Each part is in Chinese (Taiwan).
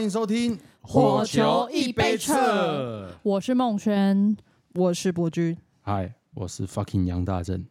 歡迎收聽《火球一杯測》，我是夢軒，我是伯君。嗨，我是 Fucking 楊大正。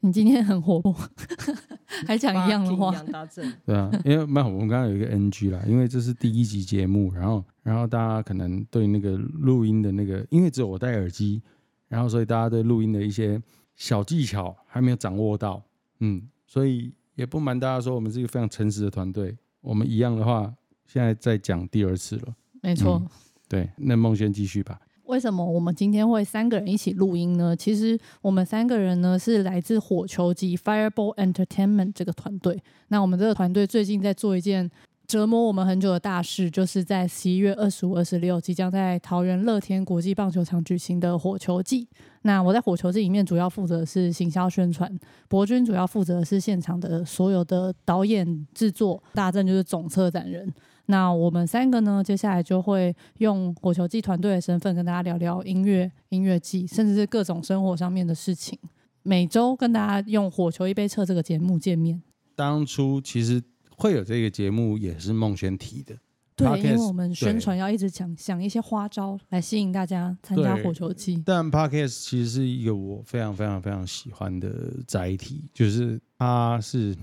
你今天很火， 還講一樣的話。楊大正，對啊，因為蠻好，我們剛剛有一個 NG 啦，因為這是第一集節目，然後，然後大家可能對那個錄音的那個，因為只有我戴耳機，然後所以大家對錄音的一些小技巧還沒有掌握到，嗯，所以也不瞞大家說，我們是一個非常誠實的團隊，我們一樣的話。現在在講第二次了，沒錯，嗯，對，那孟軒繼續吧。為什麼我們今天會三個人一起錄音呢？其實我們三個人呢是來自火球祭 （Fireball Entertainment） 這個團隊。那我們這個團隊最近在做一件折磨我們很久的大事，就是在十一月二十五、二十六即將在桃園樂天國際棒球場舉行的火球祭。那我在火球祭裡面主要負責的是行銷宣傳，博君主要負責的是現場的所有的導演製作，大正就是總策展人。那我們三個呢，接下來就會用火球祭團隊的身份跟大家聊聊音樂、音樂祭，甚至是各種生活上面的事情。每周跟大家用火球一杯撤這個節目見面。當初其實會有這個節目，也是孟軒提的。對，Podcast, 因為我們宣傳要一直想想一些花招來吸引大家參加火球祭。但 Podcast 其實是一個我非常非常非常喜歡的載體，就是它是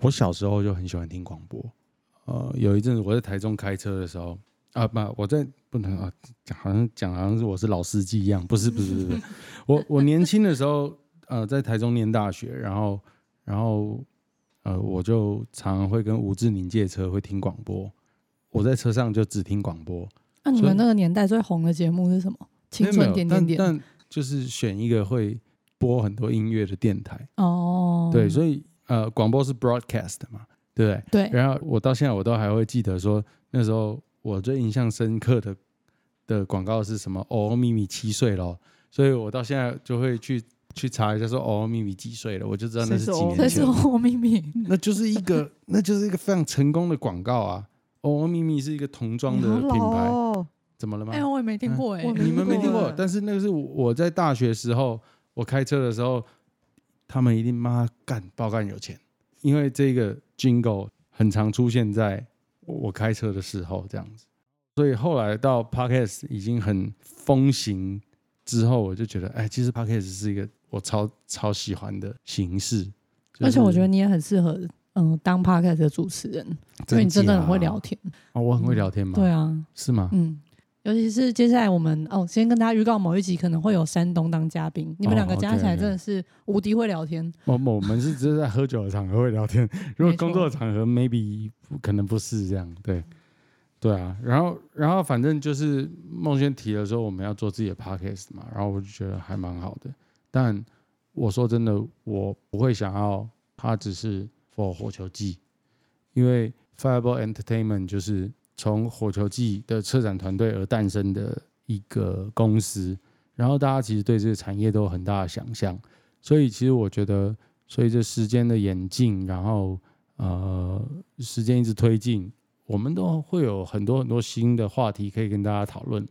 我小時候就很喜歡聽廣播。呃，有一陣子我在台中開車的時候啊，不，我在不能啊講，講好像講好像是我是老司機一樣，不是不是不是， 我我年輕的時候呃在台中念大學，然後然後呃我就常會跟吳志寧借車，會聽廣播，我在車上就只聽廣播。那、啊、你們那個年代最紅的節目是什麼？青春點點點但。但就是選一個會播很多音樂的電台哦。對，所以呃廣播是 broadcast 嘛。對對，然後我到現在我都還會記得說，說那時候我最印象深刻的的廣告是什麼？哦，歐祕密七歲了，所以我到現在就會去去查一下說，說哦，歐祕密幾歲了，我就知道那是幾年前。那是祕密，那就是一個那就是一個非常成功的廣告啊。 哦，歐祕密是一個童裝的品牌，怎麼了嗎？哎、欸，我也沒聽過哎、欸，啊，你們沒聽過，但是那個是我在大學時候，我開車的時候，他們一定媽幹爆幹有錢。因為這個 Jingle 很常出現在我開車的時候這樣子，所以後來到 Podcast 已經很風行之後，我就覺得，哎，其實 Podcast 是一個我超超喜歡的形式，就是。而且我覺得你也很適合，嗯、呃，當 Podcast 的主持人，因為、啊、你真的很會聊天。哦、我很會聊天嗎、嗯？對啊。是嗎？嗯。尤其是接下來我們哦，先跟大家預告某一集可能會有山東當嘉賓、哦，你們兩個加起來真的是無敵會聊天。我、哦 okay, okay. 哦、 我們是只是在喝酒的場合會聊天，如果工作的場合，maybe 可能不是這樣。對對啊，然後然後反正就是孟軒提了說我們要做自己的 podcast 嘛，然後我就覺得還蠻好的。但我說真的，我不會想要它只是 for 火球祭，因為 Fireball Entertainment 就是。從火球祭的策展團隊而誕生的一個公司，然後大家其實對這個產業都有很大的想象，所以其實我覺得，隨着時間的演進，然後呃，時間一直推進，我們都會有很多很多新的話題可以跟大家討論。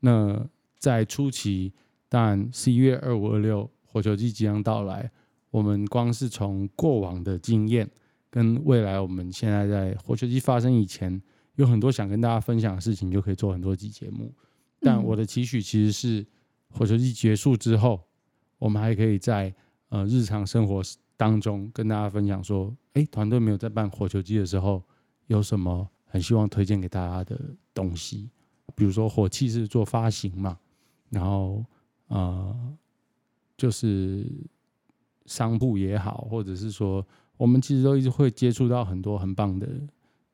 那在初期，但十一月二五二六火球祭即將到來，我們光是從過往的經驗跟未來，我們現在在火球祭發生以前。有很多想跟大家分享的事情，就可以做很多集節目。但我的期許其實是，火球祭結束之後，我們還可以在呃日常生活當中跟大家分享說，哎、欸，團隊沒有在辦火球祭的時候，有什麼很希望推薦給大家的東西，比如說火氣是做發行嘛，然後呃就是商鋪也好，或者是說我們其實都一直會接觸到很多很棒的。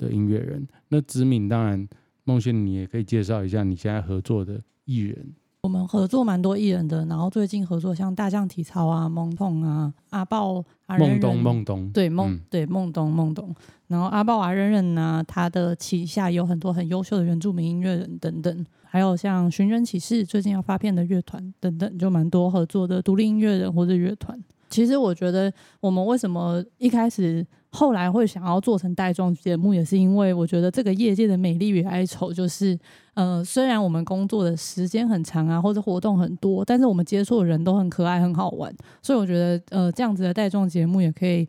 的音樂人，那子皿當然，孟軒，你也可以介紹一下你現在合作的藝人。我們合作蠻多藝人的，然後最近合作像大象體操啊、夢東啊、阿豹、阿認認、對夢、嗯、對夢東夢東，然後阿豹阿認認啊，他的旗下有很多很優秀的原住民音樂人等等，還有像尋人啟事最近要發片的樂團等等，就蠻多合作的獨立音樂人或者樂團。其實我覺得我們為什麼一開始，後來會想要做成帶狀節目，也是因為我覺得這個業界的美麗與哀愁，就是呃，雖然我們工作的時間很長啊，或者活動很多，但是我們接觸的人都很可愛、很好玩，所以我覺得呃，這樣子的帶狀節目也可以，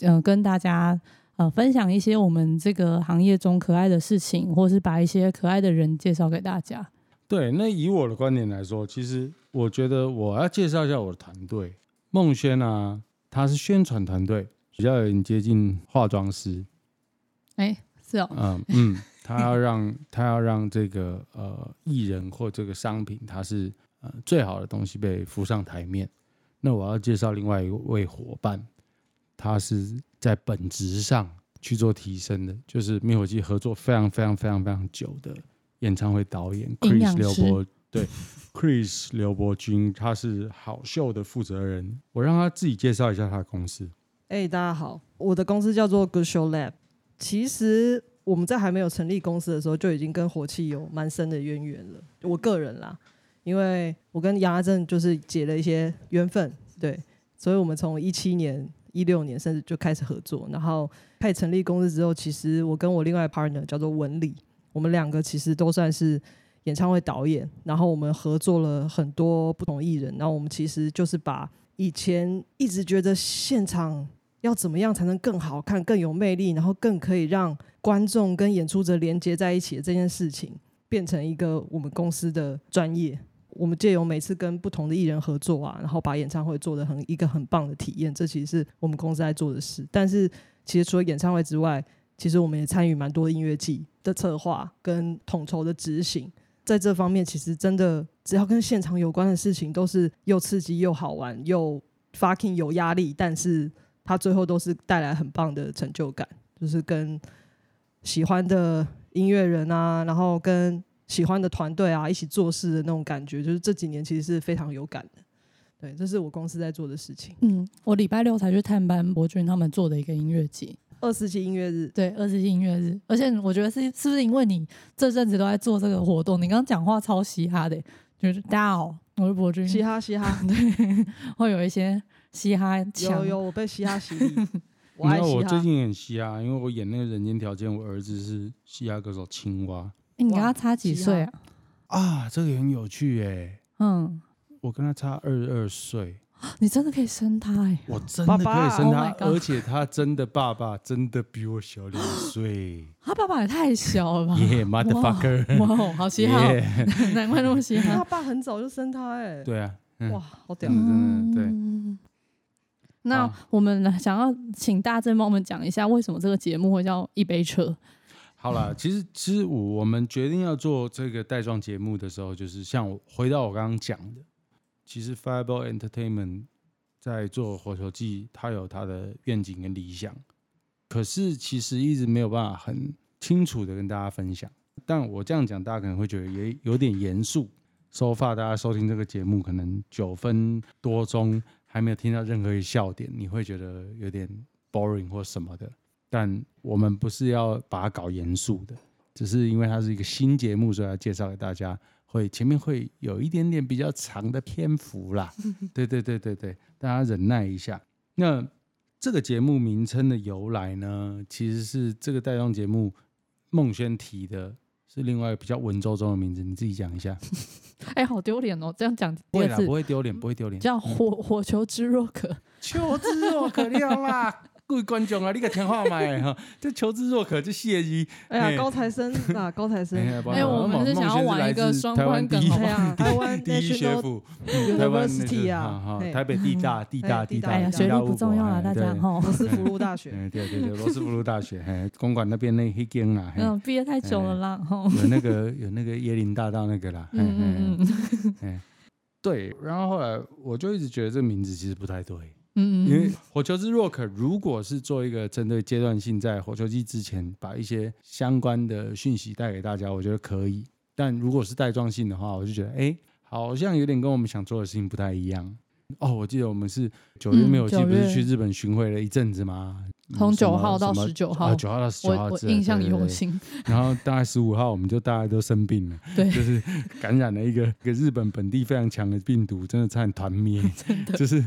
嗯、呃，跟大家呃分享一些我們這個行業中可愛的事情，或是把一些可愛的人介紹給大家。對，那以我的觀點來說，其實我覺得我要介紹一下我的團隊，孟軒啊，他是宣傳團隊。比較有點接近化妝師，哎、欸，是哦、喔，嗯嗯，他要讓他要讓這個呃藝人或這個商品，他是呃最好的東西被浮上台面。那我要介紹另外一位夥伴，他是在本質上去做提升的，就是滅火器合作非常、非常非常非常非常久的演唱會導演 Chris 劉博，對，Chris 劉博君，他是好秀的負責人。我讓他自己介紹一下他的公司。哎、hey，大家好！我的公司叫做 Good Show Lab。其實我們在還沒有成立公司的時候，就已經跟火氣有蠻深的淵源了。我個人啦，因為我跟楊阿正就是結了一些緣分，對，所以我們從一七年、一六年甚至就開始合作。然後開始成立公司之後，其實我跟我另外一個 partner 叫做文理。我們兩個其實都算是演唱會導演。然後我們合作了很多不同藝人。然後我們其實就是把以前一直覺得現場要怎麼樣才能更好看、更有魅力，然後更可以讓觀眾跟演出者連接在一起的這件事情，變成一個我們公司的專業。我們借由每次跟不同的藝人合作啊，然後把演唱會做得很一個很棒的體驗，這其實是我們公司在做的事。但是，其實除了演唱會之外，其實我們也參與蠻多音樂祭的策劃跟統籌的執行。在這方面，其實真的只要跟現場有關的事情，都是又刺激、又好玩、又 fucking 有壓力，但是，他最後都是帶來很棒的成就感，就是跟喜歡的音樂人啊，然後跟喜歡的團隊啊一起做事的那種感覺，就是這幾年其實是非常有感的。對，這是我公司在做的事情。嗯，我禮拜六才去探班博君他們做的一個音樂節，二十七音樂日。對，二十七音樂日。而且我覺得是是不是因為你這陣子都在做這個活動？你剛講話超嘻哈的，欸，就是大家好，我是博君。嘻哈，嘻哈， 對，會有一些。嘻哈，有有，我被嘻哈洗。沒 有，我最近很嘻哈，因為我演那個人間條件，我兒子是嘻哈歌手青蛙。欸、你跟他差幾歲啊？啊，這個很有趣哎、欸。嗯。我跟他差二十二歲。你真的可以生他哎、欸啊！我真的可以生他爸爸、啊，而且他真的爸爸真的比我小兩歲、啊。他爸爸也太小了吧？Yeah，motherfucker。哇 yeah,、wow, wow,，好嘻哈。難怪那麼嘻哈。他爸很早就生他哎、欸。對啊、嗯。哇，好屌！對對對。那我們想要請大正幫我們講一下，為什麼這個節目會叫一杯撤？啊、好了，其實其實我我們決定要做這個帶狀節目的時候，就是像我回到我剛剛講的，其實 FireBall Entertainment 在做火球祭，它有它的願景跟理想，可是其實一直沒有辦法很清楚的跟大家分享。但我這樣講，大家可能會覺得也有點嚴肅。所、so、以大家收聽這個節目，可能九分多鐘。還沒有聽到任何一個笑點，你會覺得有點 boring 或什麼的。但我們不是要把它搞嚴肅的，只是因為它是一個新節目，所以要介紹給大家。會前面會有一點點比較長的篇幅啦，對對對對對，大家忍耐一下。那這個節目名稱的由來呢，其實是這個帶狀節目孟軒提的。是另外比較文縐縐的名字，你自己講一下。哎、欸，好丟臉哦，這樣講不、就、會、是，不會丟臉，不會丟臉。叫火、嗯、火球之若渴，求之若渴啦各位觀眾啊，你個聽話買哈，這 求知若渴，這謝意。哎呀，高材生啊，高材生。哎，哎，我們是想要玩一,一個雙關梗，好台灣第、哎、第一學府，台灣第一啊，學啊，啊、哦，台北地大、哎、地大地大，地大，哎呀，學歷不重要了，啊，大家吼，羅斯福路大學，對對對，羅斯福路大學，嘿，公館那邊那一間啊，嗯，畢業太久了啦，吼，有那個有那個椰林大道那個啦，嗯嗯嗯，嗯，嗯，對，然後後來我就一直覺得這名字其實不太對。嗯、嗯，因為火球祭 rock，如果是做一個針對階段性，在火球祭之前把一些相關的訊息帶給大家，我覺得可以。但如果是帶狀性的話，我就覺得，哎，好像有點跟我們想做的事情不太一樣。哦，我記得我們是九月沒有記，不是去日本巡迴了一陣子嗎？嗯嗯、從九號到十九號，九、啊、號到十九號我，我印象猶新。對對對 然後大概十五號，我們就大家都生病了，對，就是感染了一個個日本本地非常強的病毒，真的差點團滅， 就是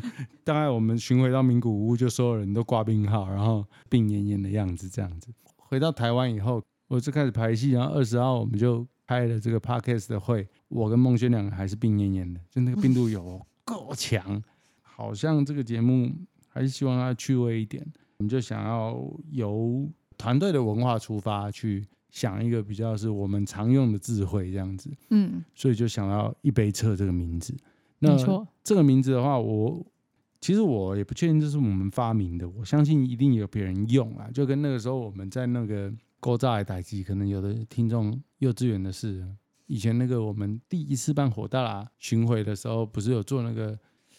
大概我們巡迴到名古屋，就所有人都掛病號，然後病懨懨的樣子，這樣子。回到台灣以後，我就開始拍戲，然後二十號我們就開了這個 Podcast 的會，我跟孟軒兩個還是病懨懨的，就那個病毒有夠強， 好像這個節目還是希望它趣味一點。我們就想要由團隊的文化出發去想一個比較是我們常用的智慧這樣子，嗯，所以就想要一杯撤這個名字。那沒錯，這個名字的話，我其實我也不確定這是我們發明的，我相信一定有別人用啊。就跟那個時候我們在那個高照來打擊，可能有的聽眾幼稚園的事，以前那個我們第一次辦火大啦巡回的時候，不是有做那個。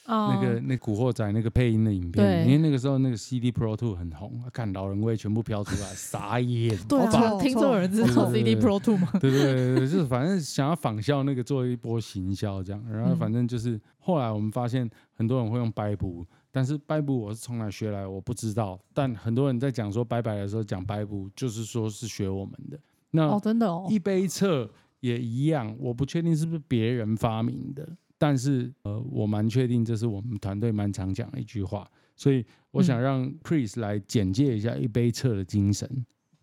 Uh, 那個那個、古惑仔那個配音的影片，因為那個時候那個 CD Pro Two 很紅，看、啊、老人味全部飄出來， 傻眼。對、啊，聽眾有人知道、哦、對對對 CD Pro Two 嗎？對對對，就是反正想要仿效那個做一波行銷這樣，然後反正就是 後來我們發現很多人會用白布，但是白布我是從哪學來我不知道，但很多人在講說白白的時候講白布，就是說是學我們的。那哦，真的哦，一杯撤也一樣，我不確定是不是別人發明的。但是，呃，我蠻確定這是我們團隊蠻常講的一句話，所以我想讓 Chris 來簡介一下一杯撤的精神。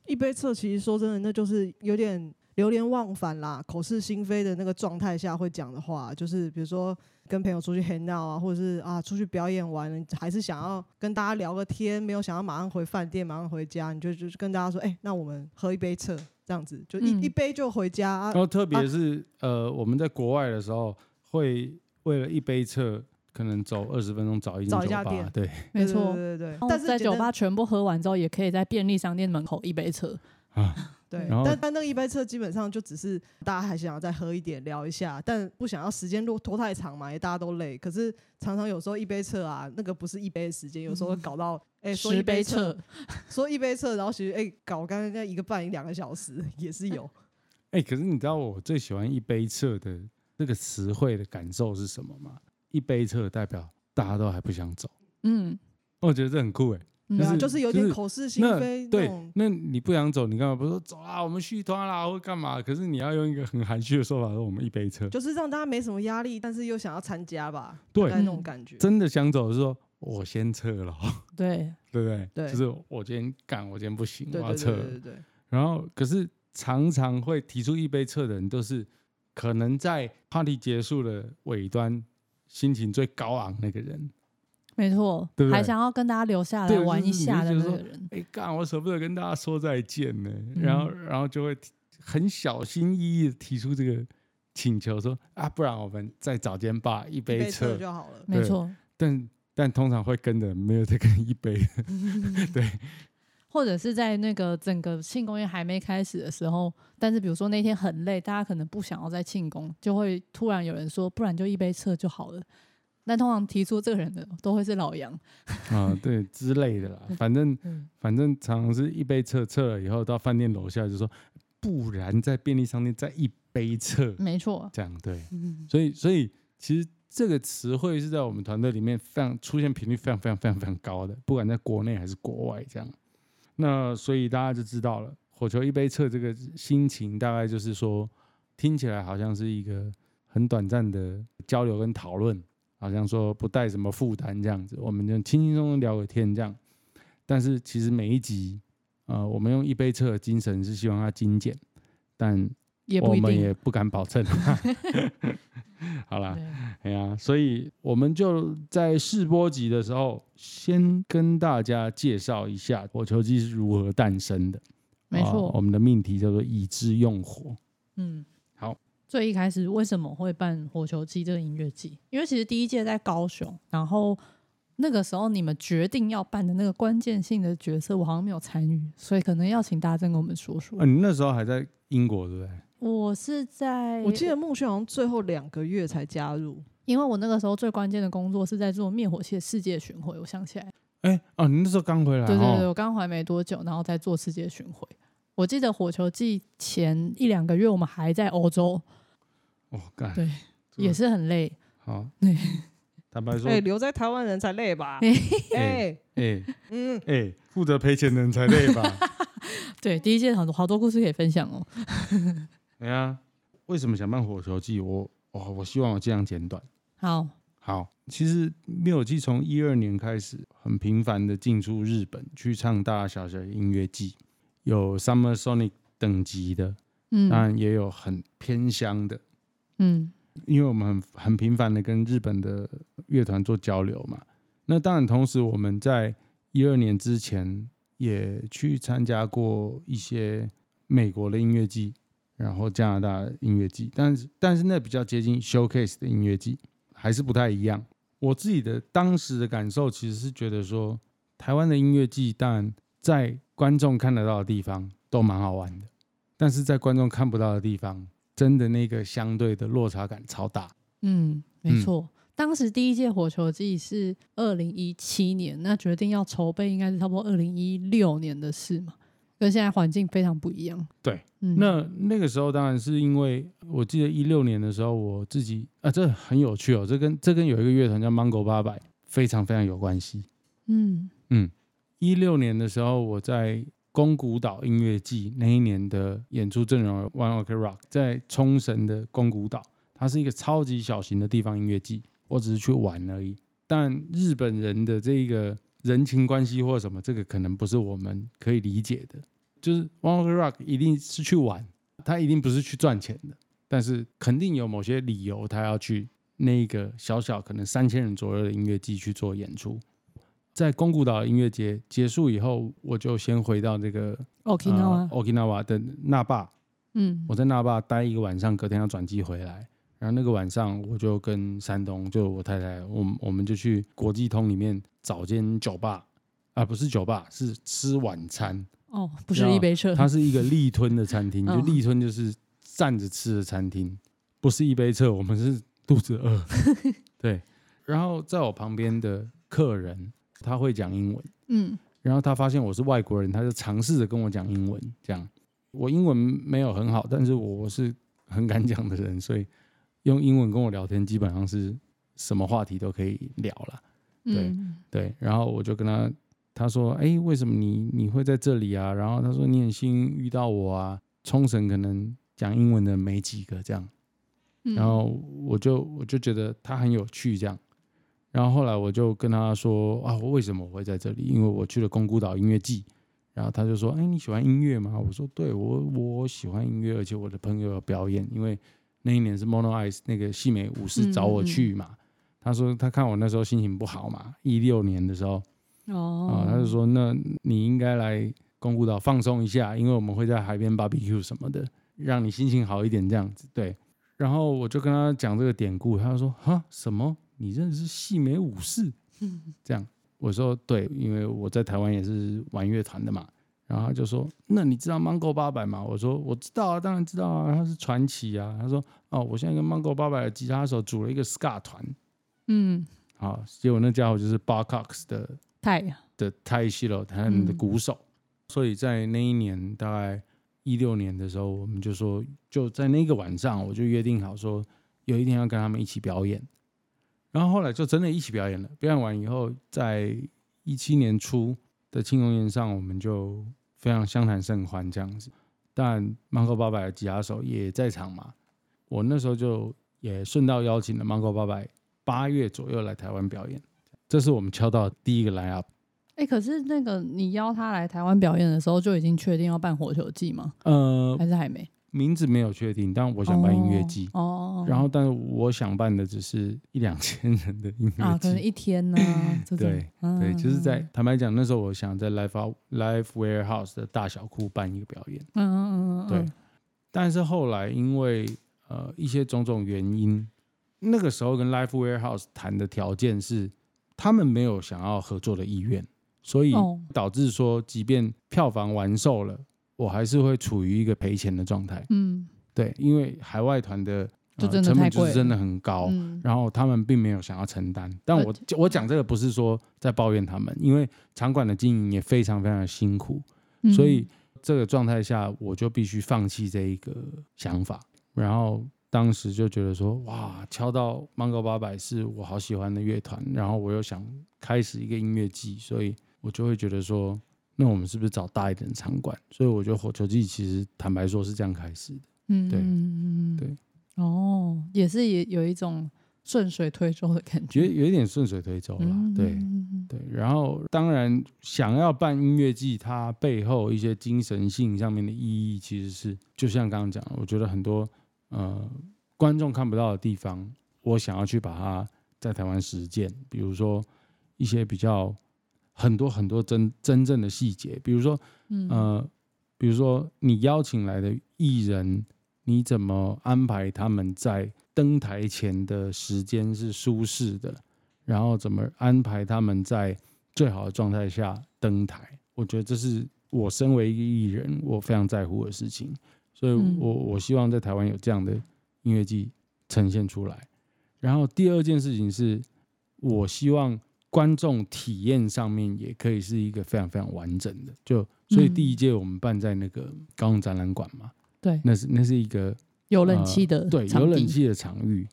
一杯撤其實說真的，那就是有點流連忘返啦，口是心非的那個狀態下會講的話，就是比如說跟朋友出去 hang out 啊，或者是啊出去表演完，還是想要跟大家聊個天，沒有想要馬上回飯店，馬上回家，你就就跟大家說，哎、欸，那我們喝一杯撤，這樣子就一、嗯、一杯就回家。啊、然後特別是、啊、呃，我們在國外的時候。會為了一杯撤，可能走二十分鐘酒吧找一家店，對，沒錯，對對。但是在酒吧全部喝完之後，也可以在便利商店門口一杯撤啊，對。但但那個一杯撤基本上就只是大家還想要再喝一點聊一下，但不想要時間落拖太長嘛，也大家都累。可是常常有時候一杯撤啊，那個不是一杯的時間，有時候搞到哎、嗯、說一杯撤，十杯撤，說一杯撤， 然後其實哎搞剛剛一個半兩個小時也是有。哎，可是你知道我最喜歡一杯撤的。這、那個詞彙的感受是什麼嗎？一杯撤代表大家都還不想走。嗯，我覺得這很酷哎、欸。啊、嗯嗯，就是有點口是心非。就是、對，那你不想走，你幹嘛不說走啊？我們續攤啦，或幹嘛？可是你要用一個很含蓄的說法說我們一杯撤，就是讓大家沒什麼壓力，但是又想要參加吧？對，那種感覺。嗯、真的想走的是說，我先撤了。對， 對不對？就是我今天趕，我今天不行，對對對對對對我要撤。然後，可是常常會提出一杯撤的人都是。可能在 party 結束的尾端，心情最高昂那個人，沒錯，對不對？還想要跟大家留下來玩一下的那個人，哎，幹、就是欸，我捨不得跟大家說再見呢、欸嗯。然後，然後就會很小心翼翼的提出這個請求說，說啊，不然我們再找間吧，一杯撤就好了，沒錯。但但通常會跟的沒有這個一杯， 對。或者是在那個整個慶功宴還沒開始的時候，但是比如說那天很累，大家可能不想要再慶功，就會突然有人說：“不然就一杯撤就好了。”那通常提出這個人的都會是老楊啊，對之類的啦。 反正、嗯、反正常常是一杯撤撤了以後，到飯店樓下就說：“不然在便利商店再一杯撤。”沒錯，這樣對、嗯。所以所以其實這個詞彙是在我們團隊裡面非常出現頻率非常非常非常非常高的，不管在國內還是國外，這樣。那所以大家就知道了，火球一杯撤這個心情大概就是說，聽起來好像是一個很短暫的交流跟討論，好像說不帶什麼負擔這樣子，我們就輕輕松鬆聊個天這樣。但是其實每一集，呃，我們用一杯撤的精神是希望它精簡，但。也我們也不敢保證、啊。 好了，對呀、啊，所以我們就在試播集的時候，先跟大家介紹一下火球祭是如何誕生的。沒錯，啊、我們的命題叫做“已知用火”。嗯，好。最一開始為什麼會辦火球祭這個音樂祭？因為其實第一屆在高雄，然後那個時候你們決定要辦的那個關鍵性的角色，我好像沒有參與，所以可能要請大正跟我們說說、啊。你那時候還在英國，對不對？我是在，我記得孟軒好像最後兩個月才加入，因為我那個時候最關鍵的工作是在做滅火器的世界巡迴，我想起來。哎、欸，哦、啊，你那時候剛回來，對對對，哦、我剛回來沒多久，然後再做世界巡迴。我記得火球祭前一兩個月我們還在歐洲，哦，對，也是很累。好，對，坦白說，對、欸，留在台灣人才累吧？哎 哎、欸欸、嗯哎，負、欸、責賠錢人才累吧？ 對，第一屆好多好多故事可以分享哦。 哎呀，為什麼想辦火球祭？我我我希望我盡量簡短。好好，其實滅火器從一二年開始，很頻繁的進出日本去唱大大小小的音樂祭，有 Summer Sonic 等級的，嗯，當然也有很偏鄉的，嗯，因為我們很很頻繁的跟日本的樂團做交流嘛。那當然，同時我們在一二年之前也去參加過一些美國的音樂祭。然後加拿大音樂祭，但是但是那比較接近 showcase 的音樂祭，還是不太一樣。我自己的當時的感受其實是覺得說，台灣的音樂祭，當然在觀眾看得到的地方都蠻好玩的，但是在觀眾看不到的地方，真的那個相對的落差感超大。嗯，沒錯。嗯、當時第一屆火球祭是二零一七年，那決定要籌備應該是差不多二零一六年的事嘛。跟現在環境非常不一樣。對，嗯、那那個時候當然是因為我記得一六年的時候，我自己啊，這很有趣哦，這跟這跟有一個樂團叫 MONGOL800，非常非常有關係。嗯嗯，一六年的時候我在宮古島音樂季那一年的演出陣容 One Ok Rock 在沖繩的宮古島，它是一個超級小型的地方音樂季，我只是去玩而已。但日本人的這一個人情關係或者什麼，這個可能不是我們可以理解的。就是 ONE OK ROCK 一定是去玩，他一定不是去賺錢的，但是肯定有某些理由他要去那個小小可能三千人左右的音樂祭去做演出。在宮古島音樂節結束以後，我就先回到這、那個 Okinawa，Okinawa、呃、的那霸，嗯，我在那霸待一個晚上，隔天要轉機回來。然後那個晚上，我就跟山東，就我太太，我們我們就去國際通裡面找間酒吧，啊，不是酒吧，是吃晚餐。哦、oh，不是一杯撤，它是一個立吞的餐廳， 就立吞就是站着吃的餐廳，oh. 不是一杯撤。我們是肚子餓， 對。然後在我旁邊的客人他會講英文，嗯，然後他發現我是外國人，他就嘗試着跟我講英文。這樣我英文沒有很好，但是我是很敢講的人，所以用英文跟我聊天基本上是什麼話題都可以聊了，嗯，對對。然後我就跟他。他說：“哎、欸，為什麼你你會在這裡啊？”然後他說：“你很幸運遇到我啊！沖繩可能講英文的沒幾個這樣。嗯”然後我就我就覺得他很有趣這樣。然後後來我就跟他說：“啊，我為什麼我會在這裡？因為我去了宮古島音樂祭。”然後他就說：“哎、欸，你喜歡音樂嗎？”我說：“對，我我喜歡音樂，而且我的朋友要表演，因為那一年是 Mono Eyes 那個細美武士找我去嘛。嗯嗯”他說：“他看我那時候心情不好嘛，一六年的時候。” Oh. 哦，啊，他就說，那你應該來宮古島放鬆一下，因為我們會在海邊 BBQ 什麼的，讓你心情好一點這樣子。對，然後我就跟他講這個典故，他就說，哈什麼？你認識細美武士？ 這樣，我說對，因為我在台灣也是玩樂團的嘛。然後他就說，那你知道 MONGOL 八百嗎？我說我知道啊，當然知道啊，他是傳奇啊。他說哦，我現在跟 MONGOL 八百的吉他手組了一個 Ska 團，嗯，好、哦，結果那家伙就是 Barkox 的。泰的泰系了，他們的鼓手、嗯，所以在那一年大概一六年的時候，我們就說就在那個晚上，我就約定好說有一天要跟他們一起表演，然後後來就真的一起表演了。表演完以後，在一七年初的慶功宴上，我們就非常相談甚歡這樣子。但 MONGOL800 的吉他手也在場嘛，我那時候就也順道邀請了 MONGOL800 八月左右來台灣表演。這是我們敲到的第一個 lineup！哎，可是那個你邀他來台灣表演的時候，就已經確定要辦火球祭嗎？呃，還是還沒名字沒有確定，但我想辦音樂祭哦。然後，但是我想辦的只是一兩千人的音樂祭，啊、可能一天呢、啊？ 對、嗯、對，就是在坦白講，那時候我想在 Live Warehouse 的大小庫辦一個表演。嗯嗯嗯嗯，對嗯。但是後來因為呃一些種種原因，那個時候跟 Live Warehouse 談的條件是。他們沒有想要合作的意願，所以導致說，即便票房完售了，我還是會處於一個賠錢的狀態。嗯，對，因為海外團的，呃，的成本就是真的很高，嗯，然後他們並沒有想要承擔。但我我講這個不是說在抱怨他們，因為場館的經營也非常非常的辛苦，所以這個狀態下我就必須放棄這一個想法，然後。當時就覺得說，哇，敲到 Mango 八百，是我好喜歡的樂團，然後我又想開始一個音樂季，所以我就會覺得說，那我們是不是找大一點的場館？所以我覺得《火球季其實坦白說是這樣開始的。嗯，對，嗯、對，哦，也是有有一種順水推舟的感覺，有，有一點順水推舟了、嗯。對，對。然後當然想要辦音樂季，它背後一些精神性上面的意義，其實是就像剛剛講，我覺得很多。呃，觀眾看不到的地方，我想要去把它在台灣實踐。比如說一些比較很多很多真真正的細節，比如說，嗯，呃，比如說你邀請來的藝人，你怎麼安排他們在登台前的時間是舒適的，然後怎麼安排他們在最好的狀態下登台？我覺得這是我身為一個藝人，我非常在乎的事情。所以我，我我希望在台灣有這樣的音樂季呈現出來。然後，第二件事情是，我希望觀眾體驗上面也可以是一個非常非常完整的。就所以，第一屆我們辦在那個高雄展覽館嘛，對，那是那是一個、呃、有冷氣的對有冷氣的場域，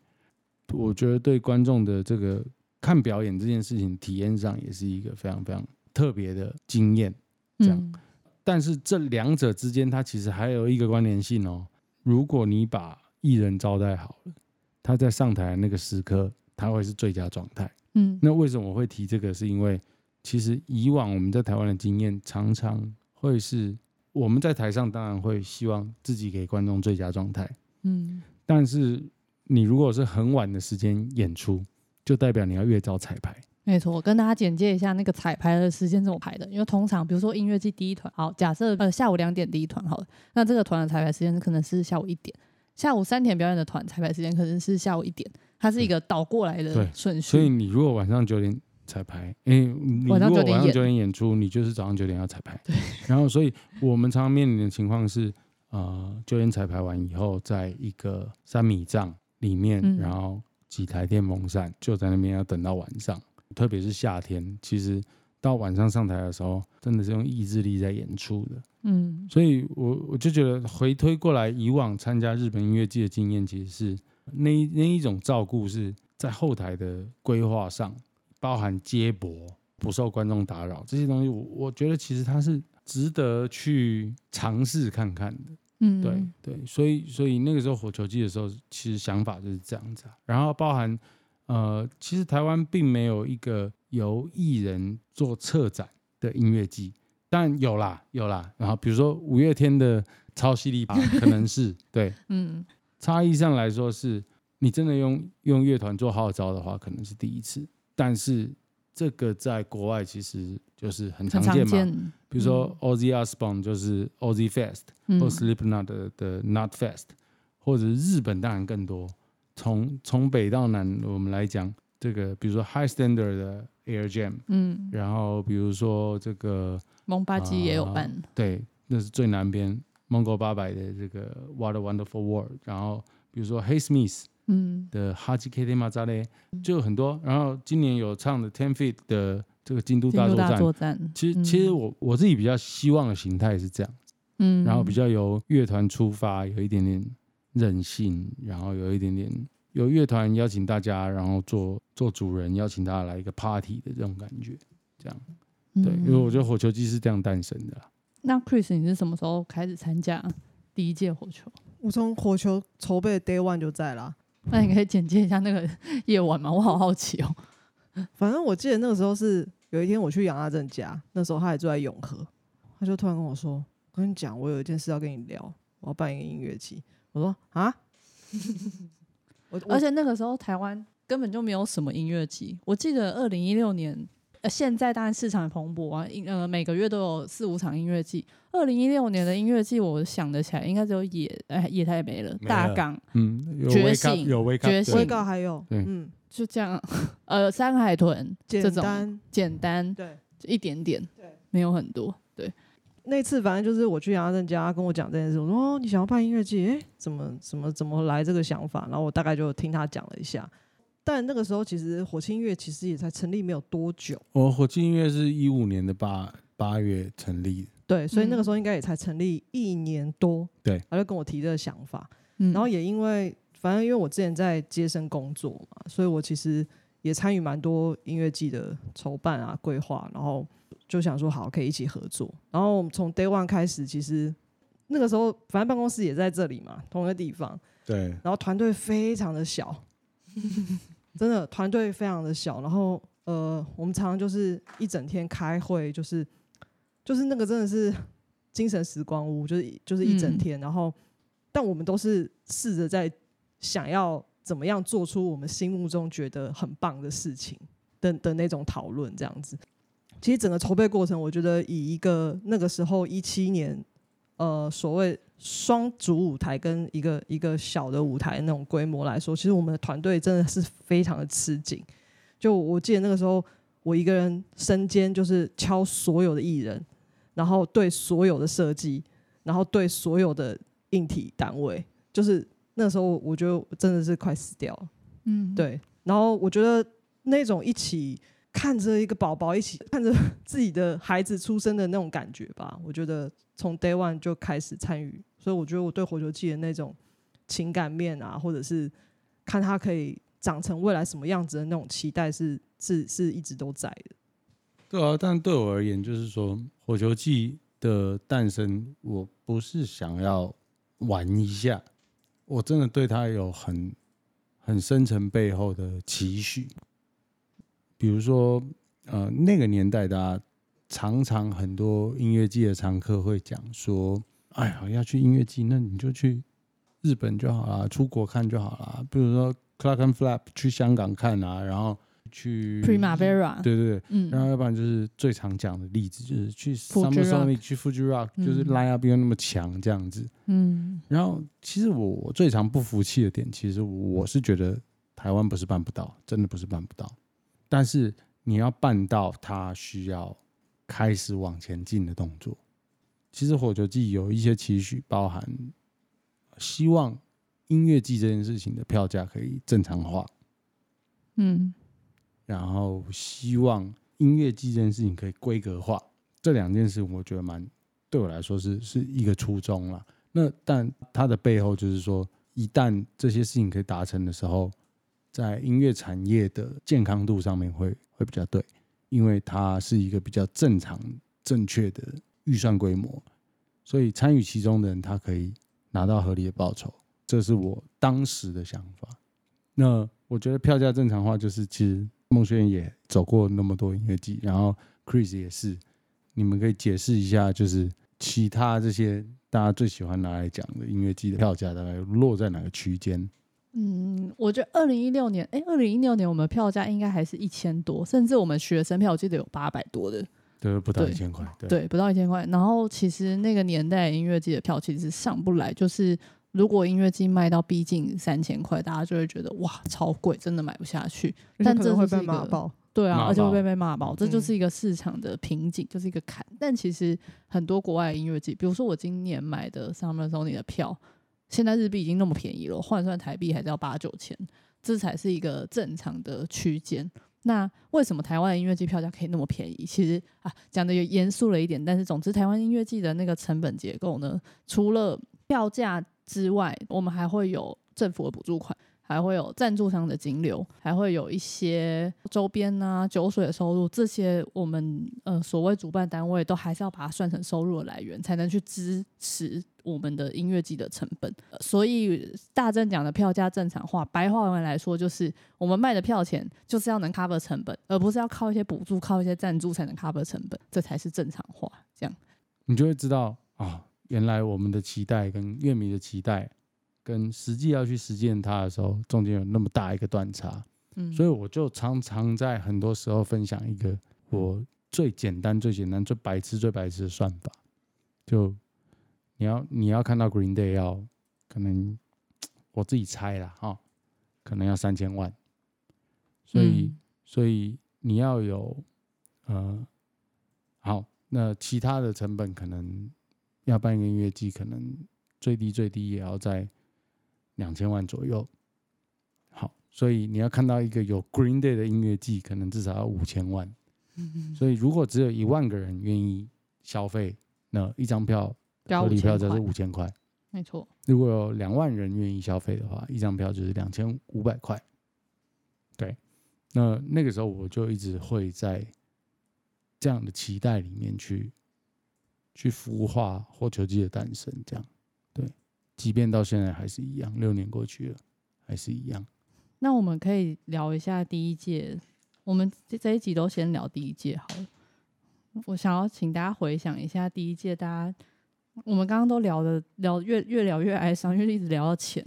我覺得對觀眾的這個看表演這件事情體驗上也是一個非常非常特別的經驗，這樣。但是這兩者之間，它其實還有一個關聯性哦。如果你把藝人招待好了，他在上台的那個時刻，他會是最佳狀態。嗯，那為什麼我會提這個？是因為其實以往我們在台灣的經驗，常常會是我們在台上，當然會希望自己給觀眾最佳狀態。嗯，但是你如果是很晚的時間演出，就代表你要越早彩排。沒錯，我跟大家簡介一下那個彩排的時間怎麼排的，因為通常比如說音樂祭第一團，好，假設呃下午兩點第一團好了，那這個團的彩排時間可能是下午一點，下午三點表演的團彩排時間可能是下午一點，它是一個倒過來的順序。所以你如果晚上九點彩排，因、欸、為你如果晚上九點演出，你就是早上九點要彩排。對。然後，所以我們常常面臨的情況是，呃，九點彩排完以後，在一個三米帳裡面、嗯，然後幾台電風扇就在那邊要等到晚上。特別是夏天，其實到晚上上台的時候，真的是用意志力在演出的。嗯，所以我我就覺得回推過來，以往參加日本音樂祭的經驗，其實是那一那一種照顧是在後台的規劃上，包含接駁、不受觀眾打擾這些東西。我我覺得其實它是值得去嘗試看看的。嗯，對對，所以所以那個時候火球祭的時候，其實想法就是這樣子、啊，然後包含。呃，其實台灣並沒有一個由藝人做策展的音樂祭，但有啦，有啦。然後比如說五月天的超犀利趴，可能是 對，嗯，差異上來說是，你真的用用樂團做號召的話，可能是第一次。但是這個在國外其實就是很常見嘛，見比如說 Ozzy Osbourne 就是 Ozzy Fest，或是 Slipknot 的 Knot Fest，或者日本當然更多。從從北到南，我們來講這個，比如說 High Standard 的 Air Jam，嗯，然後比如說這個蒙巴基也有辦、呃，對，那是最南邊 Mongol 八百的這個 What a Wonderful World，然後比如說 Hey Smith，嗯，的 Haji K t m a Zale，就很多，然後今年有唱的 Ten Feet 的這個京都大作戰，作戰其實、嗯、其實我我自己比較希望的形態是這樣子，嗯，然後比較由樂團出發，有一點點。任性，然後有一點點有樂團邀請大家，然後做做主人邀請大家來一個 party 的這種感覺，這樣、嗯、對，因為我覺得火球祭是這樣誕生的。那 Chris，你是什麼時候開始參加第一屆火球？我從火球籌備的 day one 就在啦、嗯。那你可以簡介一下那個夜晚嗎？我好好奇哦。反正我記得那個時候是有一天我去楊大正家，那時候他還住在永和，他就突然跟我說：“我跟你講，我有一件事要跟你聊，我要辦一個音樂節。”我說啊 ，我而且那個時候台灣根本就沒有什麼音樂祭。我記得二零一六年，呃，現在當然市場蓬勃啊，音、嗯、呃每個月都有四五場音樂祭。二零一六年的音樂祭，我想得起來應該只有野，哎、欸，野台沒了，大港，嗯，覺醒，有覺醒，維港還有，嗯，就這樣、啊，呃，三個海豚，簡單，簡單，對，就一點點，對，沒有很多，對。那次反正就是我去楊振家跟我講這件事，我說、哦、你想要辦音樂祭，哎，怎麼怎麼怎麼來這個想法？然後我大概就聽他講了一下。但那個時候其實火氣音樂其實也才成立沒有多久，我、哦、火氣音樂是一五年的八八月成立，對，所以那個時候應該也才成立一年多，對、嗯。他就跟我提這個想法，然後也因為反正因為我之前在接生工作嘛，所以我其實也參與蠻多音樂祭的籌辦啊、規劃，然後。就想說好，可以一起合作。然後我們從 Day One 開始，其實那個時候反正辦公室也在這裡嘛，同一個地方。對。然後團隊非常的小， 真的團隊非常的小。然後呃，我們常常就是一整天開會，就是就是那個真的是精神時光屋，就是就是一整天。嗯、然後但我們都是試着在想要怎麼樣做出我們心目中覺得很棒的事情的的那種討論，這樣子。其實整個籌備過程，我覺得以一個那個時候一七年，呃，所謂雙主舞台跟一個一個小的舞台那種規模來說，其實我們的團隊真的是非常的吃緊。就我記得那個時候，我一個人身兼就是敲所有的藝人，然後對所有的設計，然後對所有的硬體單位，就是那個時候我覺得真的是快死掉了。嗯，對。然後我覺得那種一起。看着一個寶寶一起看着自己的孩子出生的那種感覺吧，我覺得從 day one 就開始參與，所以我覺得我對火球祭的那種情感面啊，或者是看它可以長成未來什麼樣子的那種期待是，是是是一直都在的。對啊，但對我而言，就是說火球祭的誕生，我不是想要玩一下，我真的對它有很很深沉背後的期許。比如說，呃，那個年代的、啊、常常很多音樂祭的常客會講說：“哎呀，要去音樂祭，那你就去日本就好了，出國看就好了。比如說，Clockenflap 去香港看啊，然後去 Primavera，對對對、嗯，然後要不然就是最常講的例子就是去 Summer Sonic 去 Fuji Rock，就是 line up 不用那麼強這樣子，嗯。然後其實我我最常不服氣的點，其實我是覺得台灣不是辦不到，真的不是辦不到。”但是你要辦到他需要開始往前進的動作。其實《火球祭》有一些期許，包含希望音樂祭這件事情的票價可以正常化，嗯，然後希望音樂祭這件事情可以規格化。這兩件事我覺得蠻對我來說是是一個初衷了。那但它的背後就是說，一旦這些事情可以達成的時候。在音樂產業的健康度上面會會比較對，因為它是一個比較正常正確的預算規模，所以參與其中的人他可以拿到合理的報酬，這是我當時的想法。那我覺得票價正常化就是，其實孟軒也走過那麼多音樂季，然後 Chris 也是，你們可以解釋一下，就是其他這些大家最喜歡拿來講的音樂季的票價大概落在哪個區間？嗯，我覺得二零一六年，哎、欸，二零一六年我們票價應該還是一千多，甚至我們學生票我記得有八百多的，對，不到一千塊，對，不到一千塊。然後其實那個年代音樂祭的票其實上不來，就是如果音樂祭賣到逼近三千塊，大家就會覺得哇，超貴，真的買不下去。但這會被罵爆，對啊，而且會被罵爆，這就是一個市場的瓶頸，就是一個坎、嗯。但其實很多國外音樂祭，比如說我今年買的 Summer Sonic 的票。現在日幣已經那麼便宜了，換算台幣還是要八九千，這才是一個正常的區間。那為什麼台灣音樂祭票價可以那麼便宜？其實啊，講的也嚴肅了一點，但是總之，台灣音樂祭的那個成本結構呢，除了票價之外，我們還會有政府的補助款。還會有贊助商的金流，還會有一些周邊啊、酒水的收入，這些我們呃所謂主辦單位都還是要把它算成收入的來源，才能去支持我們的音樂祭的成本呃。所以大正講的票價正常化，白話文來說就是我們賣的票錢就是要能 cover 成本，而不是要靠一些補助、靠一些贊助才能 cover 成本，這才是正常化。這樣你就會知道啊，哦，原來我們的期待跟樂迷的期待，跟實際要去實踐它的時候，中間有那麼大一個斷差，嗯，所以我就常常在很多時候分享一個我最簡單、最簡單、最白痴、最白痴的算法，就你要你要看到 Green Day 要可能我自己猜了哈、哦，可能要三千萬，所以、嗯、所以你要有呃好，那其他的成本可能要辦一個音樂祭，可能最低最低也要在兩千萬左右，好，所以你要看到一個有 Green Day 的音樂祭，可能至少要五千萬。嗯嗯，所以如果只有一萬個人願意消費，那一張票合理票價是五千,五千塊，沒錯。如果有兩萬人願意消費的話，一張票就是兩千五百塊。對，那那個時候我就一直會在這樣的期待裡面去去孵化《火球祭》的誕生，這樣。即便到現在還是一樣，六年過去了，還是一樣。那我們可以聊一下第一屆，我們這一集都先聊第一屆好了。我想要請大家回想一下第一屆，大家我們剛剛都聊的聊越越聊越哀傷，因為一直聊到錢。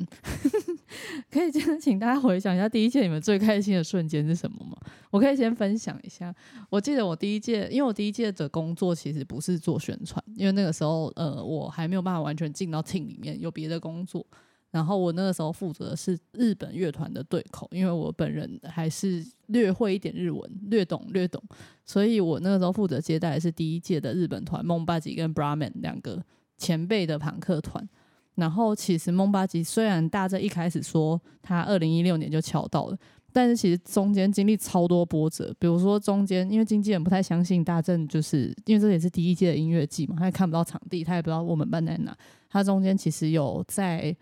可以先請大家回想一下第一屆，你們最開心的瞬間是什麼嗎？我可以先分享一下。我記得我第一屆，因為我第一屆的工作其實不是做宣傳，因為那個時候呃，我還沒有辦法完全進到 team 裡面，有別的工作。然後我那個時候負責的是日本樂團的對口，因為我本人還是略會一點日文，略懂略懂。所以我那個時候負責接待的是第一屆的日本團孟巴吉跟 Brahman 兩個前輩的龐克團。然後，其實孟巴吉雖然大正一開始說他二零一六年就敲到了，但是其實中間經歷超多波折。比如說，中間因為經紀人不太相信大正，就是因為這也是第一屆的音樂祭嘛，他也看不到場地，他也不知道我們辦在哪。他中間其實有在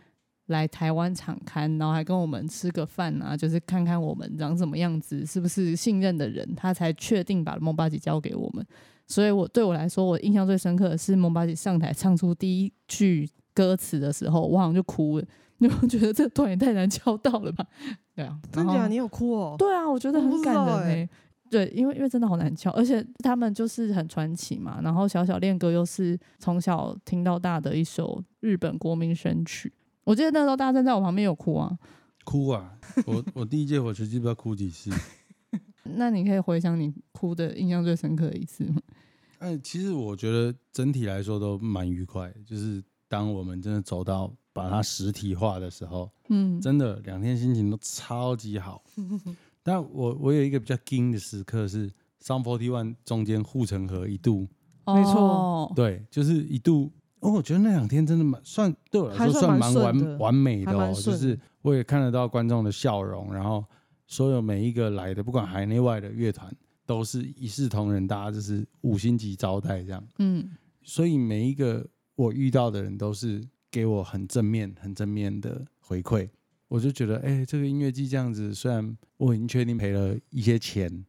來台灣場看，然後還跟我們吃個飯啊，就是看看我們長什麼樣子，是不是信任的人，他才確定把孟巴吉交給我們。所以我，我對我來說，我印象最深刻的是孟巴吉上台唱出第一句。歌詞的時候，我好像就哭了。你有沒有覺得這段也太難敲到了吧？對啊，真的啊，你有哭哦？對啊，我覺得很感人。欸欸。對，因為因為真的好難敲，而且他們就是很傳奇嘛。然後《小小戀歌》又是從小聽到大的一首日本國民神曲。我記得那時候大家站在我旁邊有哭啊，哭啊！我我第一屆我實際不知道哭幾次。 那你可以回想你哭的印象最深刻的一次嗎？哎，其實我覺得整體來說都蠻愉快，就是。當我們真的走到把它實體化的時候，嗯，真的兩天心情都超級好。 但我我有一個比較驚的時刻是 SUM 41中間護城河一度，沒錯，對，就是一度。哦，我覺得那兩天真的蠻算對我來說，還算蠻完完美的哦。就是我也看得到觀眾的笑容，然後所有每一個來的不管海內外的樂團都是一視同仁，大家就是五星級招待這樣。嗯，所以每一個。我遇到的人都是給我很正面、很正面的回饋，我就覺得，哎、欸，這個音樂祭這樣子，雖然我已經確定賠了一些錢，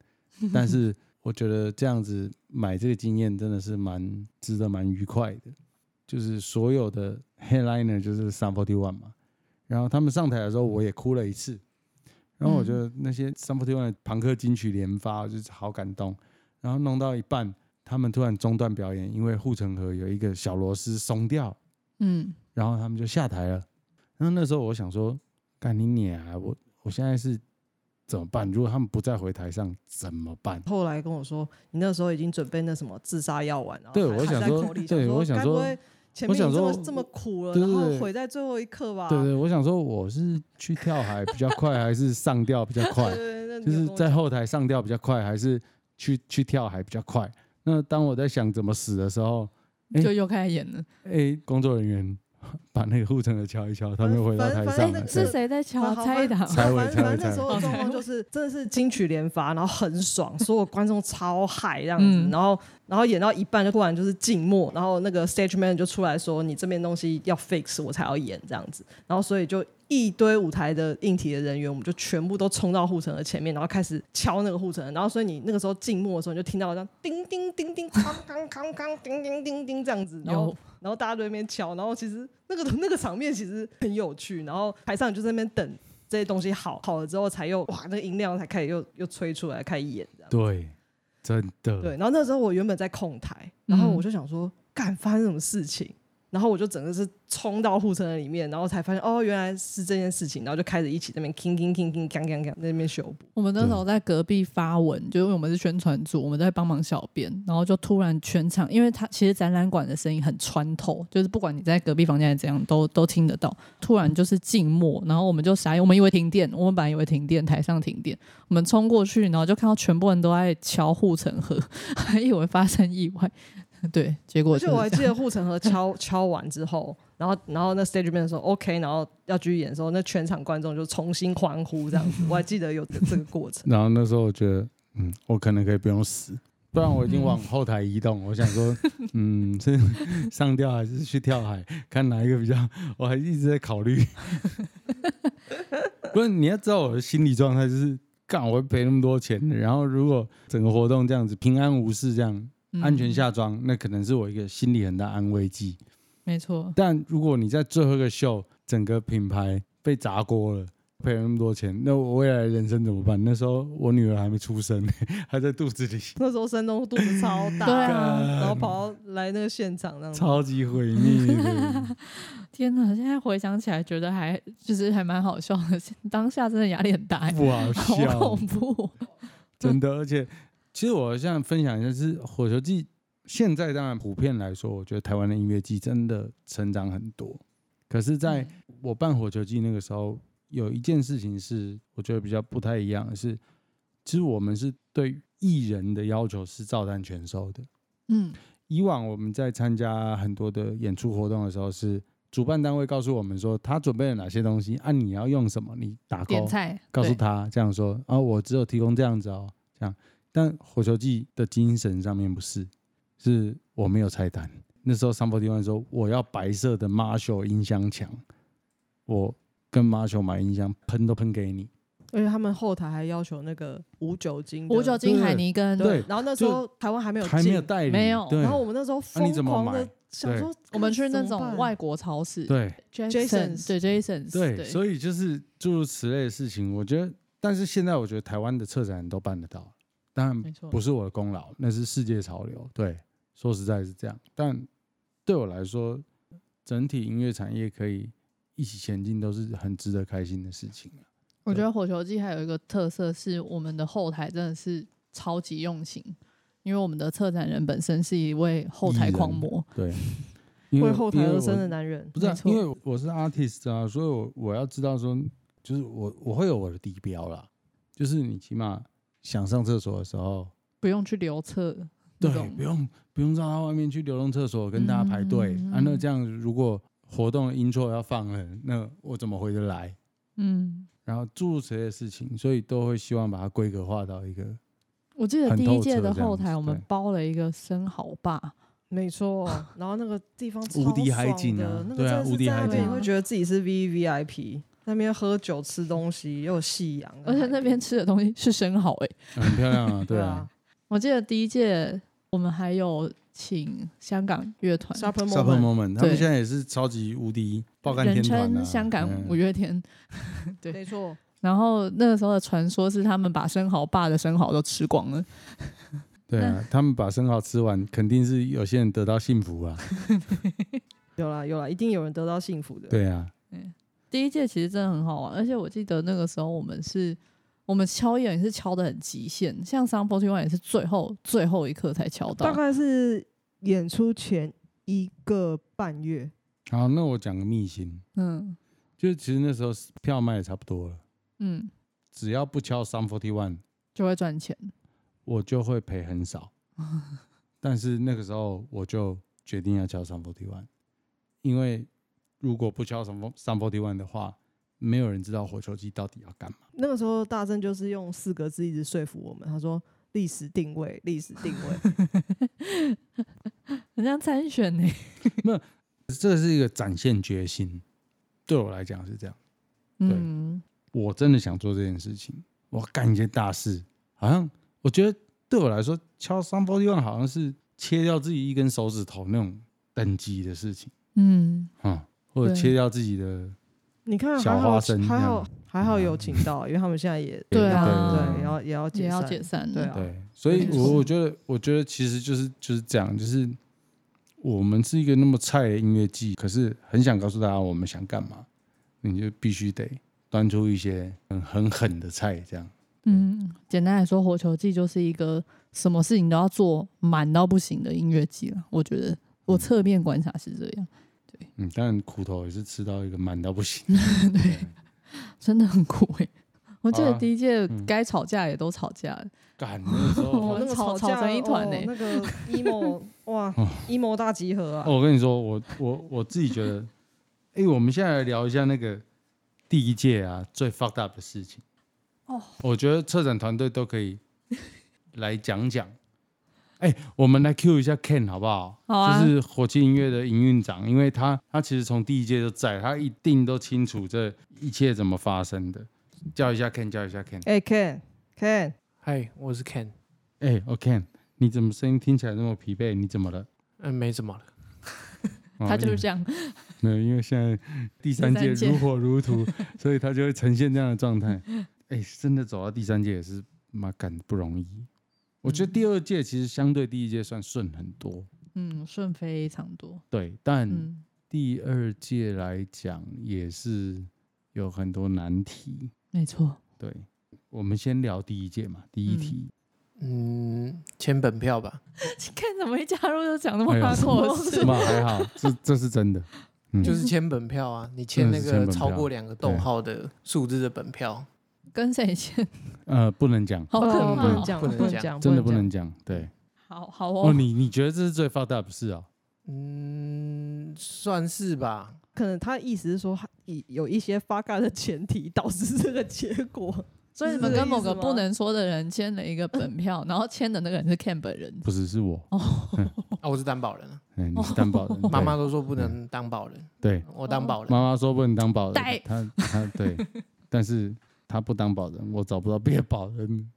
但是我覺得這樣子買這個經驗真的是蠻值得、蠻愉快的。就是所有的 headliner 就是 SUM41 嘛，然後他們上台的時候我也哭了一次，然後我覺得那些 SUM41 的朋克金曲連發就是好感動，然後弄到一半。他們突然中斷表演，因為護城河有一個小螺絲鬆掉，嗯，然後他們就下台了。那那時候我想說，幹你娘啊！我我現在是怎麼辦？如果他們不再回台上怎麼辦？後來跟我說，你那時候已經準備那什麼自殺藥丸了。對，我想說，對，我想說，對，我想說，前面怎麼，我想說，這麼苦了，對對對對然後毀在最後一刻吧？對對，對，我想說，我是去跳海比較快， 還是上吊比較快，對對對？就是在後台上吊比較快，還是去去跳海比較快？那當我在想怎麼死的時候，欸、就又開始演了。哎、欸，工作人員把那個護城河敲一敲，他們回到台上。是誰在敲？拆台？拆台？拆台？反正那時候的動作就是真的是金曲連發，然後很爽，所有觀眾超嗨這樣子，嗯、然後。然後演到一半就忽然就是靜默，然後那個 stage man 就出來說：“你這邊東西要 fix 我才要演這樣子。”然後所以就一堆舞台的硬體的人員，我們就全部都衝到護城的前面，然後開始敲那個護城。然後所以你那個時候靜默的時候，你就聽到這樣：叮叮叮叮，哐哐哐哐，叮叮叮叮這樣子。然後然後大家都在那邊敲，然後其實那個那個場面其實很有趣。然後台上就在那邊等這些東西好好了之後，才又哇那個、音量才開始又又吹出來開始演這樣子。對。真的。對，然後那時候我原本在控台，然後我就想說，幹，嗯，發生這種事情。然後我就整個是衝到護城河裡面，然後才發現哦，原來是這件事情，然後就開始一起在那邊聽聽聽聽干干在那邊修補。我們那時候在隔壁發文，就是我們是宣傳組，我們都在幫忙小編，然後就突然全場，因為他其實展覽館的聲音很穿透，就是不管你在隔壁房間還怎樣，都都聽得到。突然就是靜默，然後我們就傻眼，我們以為停電，我們本來以為停電，台上停電，我們衝過去，然後就看到全部人都在敲護城河，還以為發生意外。對，結果就是。就我還記得護城河敲敲完之後， 然後然後那 stage man 說 OK，然後要繼續演的時候，那全場觀眾就重新歡呼這樣子。我還記得有這個過程。 然後那時候我覺得，嗯，我可能可以不用死，不然我已經往後台移動。嗯、我想說，嗯，是上吊還是去跳海， 看哪一個比較？我還一直在考慮。 不是，你要知道我的心理狀態，就是幹，我會賠那麼多錢的。然後如果整個活動這樣子平安無事，這樣。嗯、安全下裝，那可能是我一個心裡很大安慰劑。沒錯。但如果你在最後一個秀，整個品牌被砸鍋了，賠了那麼多錢，那我未來人生怎麼辦？那時候我女兒還沒出生，還在肚子裡。那時候身中肚子超大。 對啊。然後跑來那個現場那，那超級毀滅。 天哪！現在回想起來，覺得還就是還蠻好笑的。當下真的壓力很大、欸，不好笑，好恐怖，真的， 而且。其實我現在分享一下是火球祭，現在當然普遍來說，我覺得台灣的音樂祭真的成長很多。可是在我辦火球祭那個時候，有一件事情是我覺得比較不太一樣，是其實我們是對藝人的要求是照單全收的。嗯，以往我們在參加很多的演出活動的時候，是主辦單位告訴我們說他準備了哪些東西，啊，按你要用什麼，你打勾，告訴他這樣說啊，我只有提供這樣子哦，這樣。但《火球祭》的精神上面不是，是我沒有菜單。那時候說，三浦 Tone 說我要白色的 Marshall 音箱牆，我跟 Marshall 買音箱，噴都噴給你。而且他們後台還要求那個無酒精、無酒精海尼根。對，然後那時候台灣還沒有還沒有代理，沒有。然後我們那時候瘋狂的想說，我們去那種外國超市。對，Jason。對，Jason。對，所以就是諸如此類的事情，我覺得。但是現在我覺得台灣的策展都辦得到。然，不是我的功勞，那是世界潮流。對，說實在是這樣。但對我來說，整體音樂產業可以一起前進，都是很值得開心的事情。我覺得《火球祭》還有一個特色是，我們的後台真的是超級用心，因為我們的策展人本身是一位後台狂魔，對，為 後台而生的男人。不是，啊，因為我是 artist 啊，所以我我要知道說，就是我我會有我的地標啦，就是你起碼。想上廁所的時候，不用去留廁。對，不用不用到他外面去流動廁所，跟大家排隊、嗯嗯啊。那這樣如果活動的因錯要放人，那我怎麼回得來？嗯，然後住宿的事情，所以都會希望把它規格化到一個。我記得第一屆的後台，我們包了一個生蠔吧，沒錯。然後那個地方無敵海景啊，對啊，無敵海景，你會覺得自己是 V V I P、啊。那邊喝酒吃東西又有夕陽，而且那邊吃的東西是生蠔哎、欸啊，很漂亮啊，啊，對啊。我記得第一屆我們還有請香港樂團 Super Moment，他們現在也是超級無敵爆肝天團、啊，人稱香港五月天。嗯、對，沒錯。然後那個時候的傳說是他們把生蠔 bar 的生蠔都吃光了。對啊，他們把生蠔吃完，肯定是有些人得到幸福啊。 有啦有啦，一定有人得到幸福的。對啊。第一屆其實真的很好玩，而且我記得那個時候我們是，我們敲演是敲得很極限，像 SUM 41也是最後最後一刻才敲到，大概是演出前一個半月。 好，那我講個秘辛，嗯，就其實那時候票賣的差不多了，嗯，只要不敲 SUM 41就會賺錢，我就會賠很少， 但是那個時候我就決定要敲 SUM 41，因為，如果不敲什麼三 f o r 的話，沒有人知道火球機到底要幹嘛。那個時候，大正就是用四個字一直說服我們，他說：“歷史定位，歷史定位，好 像參選呢。”不，這是一個展現決心，對我來講是這樣，對。嗯，我真的想做這件事情，我幹一些大事。好像我覺得對我來說，敲三 f o r 好像是切掉自己一根手指頭那種登基的事情。嗯，嗯或者切掉自己的，你看小花生。還好，還好，還，好還好有請到， 因為他們現在也對啊對，要也要也要解散，要解散對啊，所以，我我覺得、就是、我覺得其實就是就是這樣，就是我們是一個那麼菜的音樂祭，可是很想告訴大家我們想幹嘛，你就必須得端出一些很很狠、狠的菜這樣。嗯，簡單來說，火球祭就是一個什麼事情都要做滿到不行的音樂祭了。我覺得我側面觀察是這樣。嗯，當然苦頭也是吃到一個滿到不行。 對，真的很苦誒、欸。我記得第一屆該吵架也都吵架了，幹、啊嗯、那個、時候、哦、吵吵成一團呢。那個 emo 哇，emo、哦、大集合啊、哦！我跟你說，我我我自己覺得，哎、 欸，我們現在來聊一下那個第一屆啊最 fucked up 的事情哦。我覺得策展團隊都可以來講講。哎、欸，我們來 Q 一下 Ken 好不好？好啊、就是火氣音樂的營運長，因為他他其實從第一屆就在，他一定都清楚這一切怎麼發生的。叫一下 Ken，叫一下 Ken。哎，Ken，Ken，嗨，Ken, Ken Hi, 我是 Ken。哎、欸、，o、oh、Ken 你怎麼聲音聽起來那麼疲憊？你怎麼了？嗯、呃，沒什麼了。 他就是這樣。哦、 沒有，因為現在第三屆如火如荼，所以他就會呈現這樣的狀態。哎、 欸，真的走到第三屆也是媽干不容易。我覺得第二屆其實相對第一屆算順很多，嗯，順非,非常多。對，但第二屆來講也是有很多難題。嗯、沒錯。對，我們先聊第一屆嘛，第一題，嗯，簽、嗯、本票吧。 看怎麼一加入就講那麼 fuck up 的事嘛、哎？還好，這這是真的，嗯、就是簽本票啊，你簽那個超過兩個逗號的數字的本票。跟誰簽？呃，不能講、哦。不能講，真的不能講。對，好好哦。哦你你覺得這是最 fucked up 不是啊、哦？嗯，算是吧。可能他意思是說，有有一些 fucked up 的前提導致這個結果。所以你們跟某個不能說的人簽了一個本票，嗯、然後簽的那個人是 Cam 本人，不只是，是我。哦呵呵呵、啊，我是擔保、啊欸、保人。你是擔保人，媽媽都說不能當保人。對，我當保人。媽、哦、媽說不能當保人。他，他對， 但是。他不當保人，我找不到別的保人。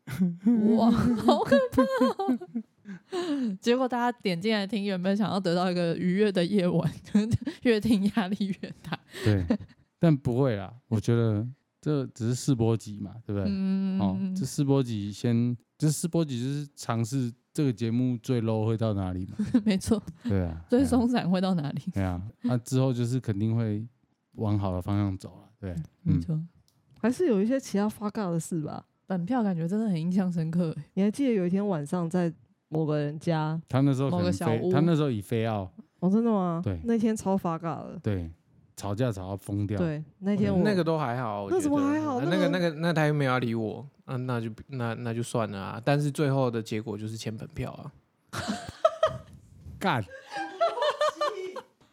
哇，好可怕、喔！ 結果大家點進來聽，原本想要得到一個愉悅的夜晚？ 越聽壓力越大。對，但不會啦， 我覺得這只是試播集嘛，對不對？嗯，這試播集先，這試播集就是嘗試這個節目最 low 會到哪裡嘛？沒錯。對啊，最、啊、鬆散會到哪裡？對啊，那、啊啊、之後就是肯定會往好的方向走了。對，嗯嗯還是有一些其他 fuck up 的事吧，本票感覺真的很印象深刻。你還記得有一天晚上在某個人家，個人家個，他那時候可能他那時候已非要、哦，哦真的嗎對？那天超 fuck up 的，對，吵架吵到瘋掉。對，那天我那個都還好，我那怎麼還好？那個那個那他又沒有要理我，那就那就那那就算了啊。但是最後的結果就是簽本票啊， 幹。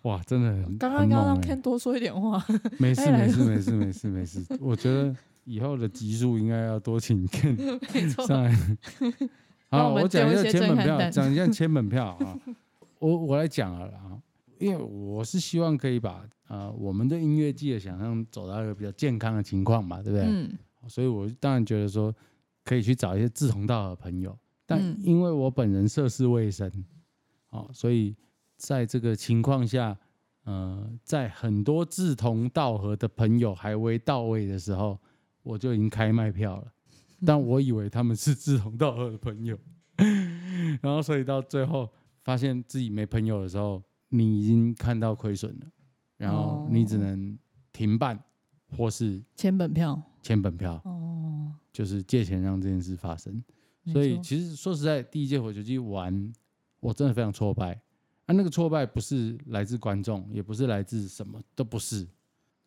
哇，真的剛剛剛要讓 Ken 多說一點話， 沒事沒事沒事沒事沒事，我覺得以後的集數應該要多請 Ken 上來。好， 我講一,一下簽本票，講 一下簽本票啊。我我來講啊，因為我是希望可以把啊、呃、我們的音樂祭想象走到一個比較健康的情況嘛，對不對、嗯？所以我當然覺得說可以去找一些志同道合的朋友，但因為我本人涉世未深，好、啊，所以。在這個情況下，呃，在很多志同道合的朋友還未到位的時候，我就已經開賣票了。但我以為他們是志同道合的朋友，嗯、然後所以到最後發現自己沒朋友的時候，你已經看到虧損了，然後你只能停辦或是簽本票，哦、簽本票哦，就是借錢讓這件事發生。所以其實說實在，第一屆火球祭完，我真的非常挫敗。那個挫敗不是來自觀眾，也不是來自什麼，都不是，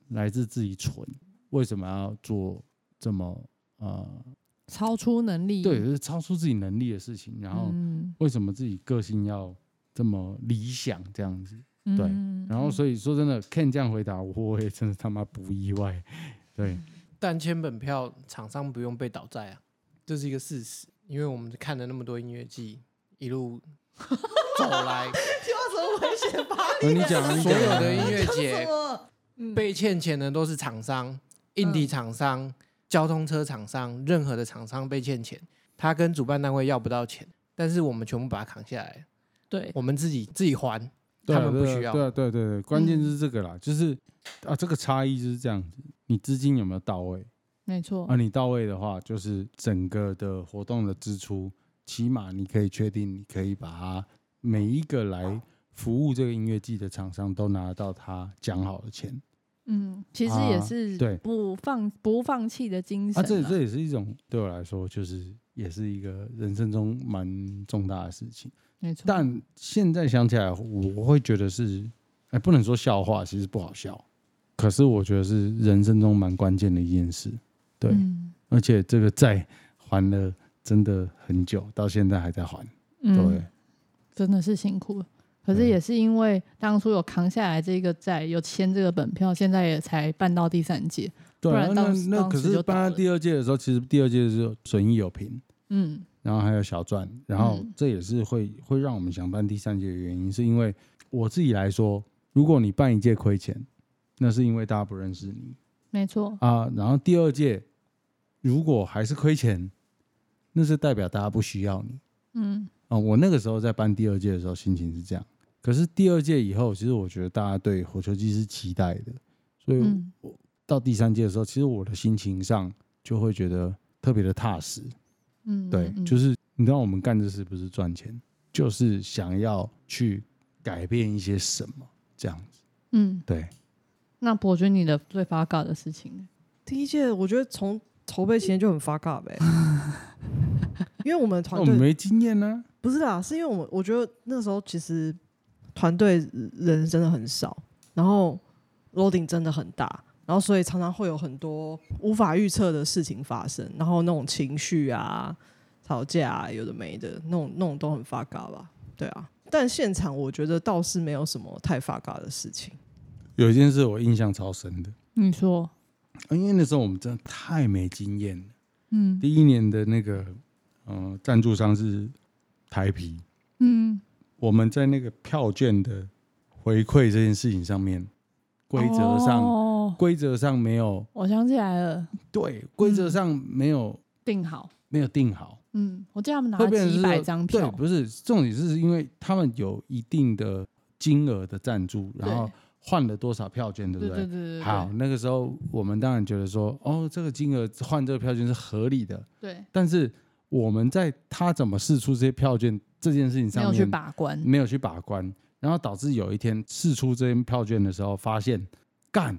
來自自己蠢。為什麼要做這麼呃超出能力、啊？對，就是超出自己能力的事情。然後、嗯、為什麼自己個性要這麼理想這樣子？嗯、對。然後所以說真的、嗯、，Ken 這樣回答，我也真的他媽不意外。對。但簽本票，廠商不用被倒債啊，這是一個事實。因為我們看了那麼多音樂祭，一路走來。 危險、呃！巴我跟你講，所有的音樂節被欠錢的都是廠商、硬體廠商、嗯、交通車廠商，任何的廠商被欠錢，他跟主辦單位要不到錢，但是我們全部把它扛下來，對，我們自己自己還，他們不需要。對啊對啊，對，啊對，啊對啊，關鍵是這個啦，嗯、就是啊，這個差異就是這樣子。你資金有沒有到位？沒錯啊，你到位的話，就是整個的活動的支出，起碼你可以確定，你可以把它每一個來。服務這個音樂祭的廠商都拿到他講好的錢，嗯，其實也是對不放、啊、對不放棄的精神啊。啊，這這也是一種對我來說，就是也是一個人生中蠻重大的事情。沒錯，但現在想起來，我我會覺得是哎，不能說笑話，其實不好笑。可是我覺得是人生中蠻關鍵的一件事，對，嗯、而且這個債還了真的很久，到現在還在還，對，嗯、真的是辛苦了。可是也是因為當初有扛下來這個債，有簽這個本票，現在也才辦到第三屆。對，那那可是辦到第二屆的時候，其實第二屆是損益有平，嗯，然後還有小賺，然後這也是會、嗯、會讓我們想辦第三屆的原因，是因為我自己來說，如果你辦一屆虧錢，那是因為大家不認識你，沒錯啊。然後第二屆如果還是虧錢，那是代表大家不需要你，嗯啊。我那個時候在辦第二屆的時候，心情是這樣。可是第二屆以後，其實我覺得大家對火球祭是期待的，所以我到第三屆的時候，其實我的心情上就會覺得特別的踏實。嗯，對，嗯、就是你知道我們幹這事不是賺錢，就是想要去改變一些什麼這樣子。嗯，對。那伯爵，你的最發尬的事情？第一屆，我覺得從籌備前就很發尬唄， 因為我們團隊、哦、我沒經驗呢、啊。不是啦，是因為我我覺得那時候其實。團隊人真的很少，然後 loading 真的很大，然後所以常常會有很多無法預測的事情發生，然後那種情緒啊、吵架啊，有的沒的，那種那種都很發嘎吧？對啊，但現場我覺得倒是沒有什麼太發嘎的事情。有一件事我印象超深的，你說？因為那時候我們真的太沒經驗了。嗯，第一年的那個嗯，呃，贊助商是台啤。嗯。我們在那個票券的回饋這件事情上面，規則上、哦、規則上沒有，我想起來了，對，規則上沒有、嗯、定好，沒有定好，嗯，我叫他們拿了幾百張票，是不是重點，是因為他們有一定的金額的贊助，然後換了多少票券，對不對？對對對，對對對。好，那個時候我們當然覺得說，哦，這個金額換這個票券是合理的，對，但是，我們在他怎麼釋出這些票券這件事情上面沒有去把關，沒有去把關，然後導致有一天釋出這些票券的時候，發現，幹，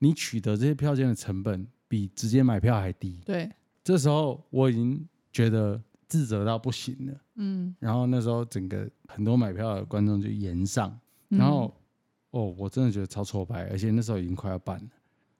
你取得這些票券的成本比直接買票還低。對，這時候我已經覺得自責到不行了。嗯，然後那時候整個很多買票的觀眾就炎上，然後、嗯、哦，我真的覺得超挫敗，而且那時候已經快要辦了，